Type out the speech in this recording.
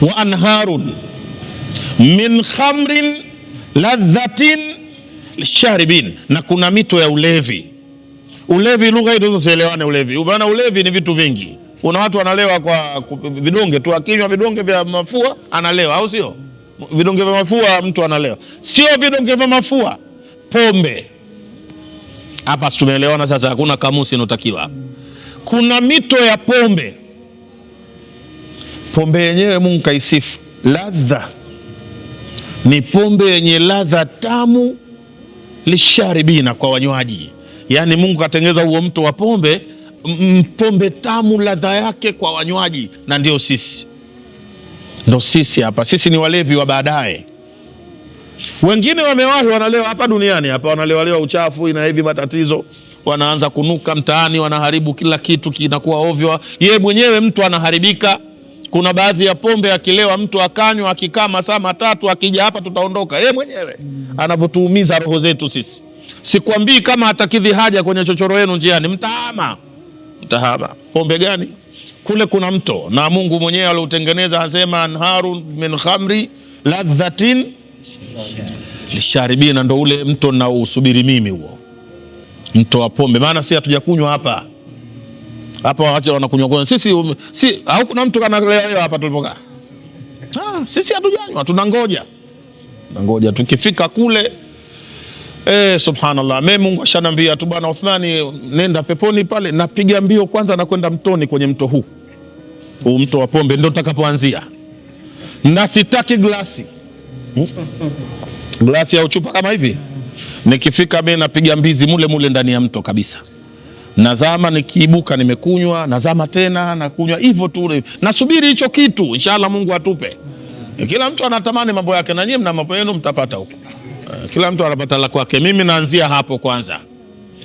wa anharun min khamrin ladhatin lisharibin, na kuna mito ya ulevi. Ulevi lugha hii tuelewane, Ulevi maana ulevi ni vitu vingi. Kuna watu wanalewa kwa vidonge tu, akinywa vidonge vya mafua analewa, au sio? Vidonge vya mafua mtu analewa, sio vidonge vya mafua, pombe. Hapa tumeelewana sasa, hakuna kamusi inotakiwa. Kuna mito ya pombe Pombe yenyewe Mungu kaisifu ladha, ni pombe yenye ladha tamu lisharibina, kwa wanywaji. Yaani Mungu katengeza huo mto wa pombe, pombe tamu ladha yake kwa wanywaji, na ndio sisi, ndo sisi hapa. Sisi ni walevi wa baadaye. Wengine wamewahi wanalewa hapa duniani hapa, wanalewalewa uchafu ina hivi matatizo wanaanza kunuka mtaani, wanaharibu kila kitu, kinakuwa ovyo. Yeye mwenyewe mtu anaharibika kuna baadhi ya pombe akilewa mtu akanywa akikaa masaa matatu akija hapa tutaondoka yeye mwenyewe, anavyotuumiza roho zetu sisi. Sikwambii kama atakidhi haja kwenye chochoro yenu njiani, mtahama. Mtahama pombe gani? Kule kuna mto na Mungu mwenyewe aliutengeneza, asema anharu min khamri ladhatin lisharibina, ndo ule mto nausubiri mimi, huo mto wa pombe. Maana si hatujakunywa hapa hapa wakati wanakunywa sisi um, si, au kuna mtu kana leo leo hapa tulipoka ah, sisi hatujanywa, tunangoja ngoja tukifika kule e, subhanallah, mimi Mungu ashanambia tu bwana Uthmani, nenda peponi pale. Napiga mbio kwanza, nakwenda mtoni, kwenye mto huu huu mto wa pombe ndio takapoanzia, na sitaki glasi hmm? glasi ya uchupa kama hivi. Nikifika mimi napiga mbizi mule mule ndani ya mto kabisa nazama, nikiibuka nimekunywa, nazama tena nakunywa, hivyo tu nasubiri hicho kitu, inshallah Mungu atupe. Kila mtu anatamani mambo yake, na nyinyi mna mambo yenu mtapata huko. Eh, kila mtu anapata la kwake. Mimi naanzia hapo kwanza.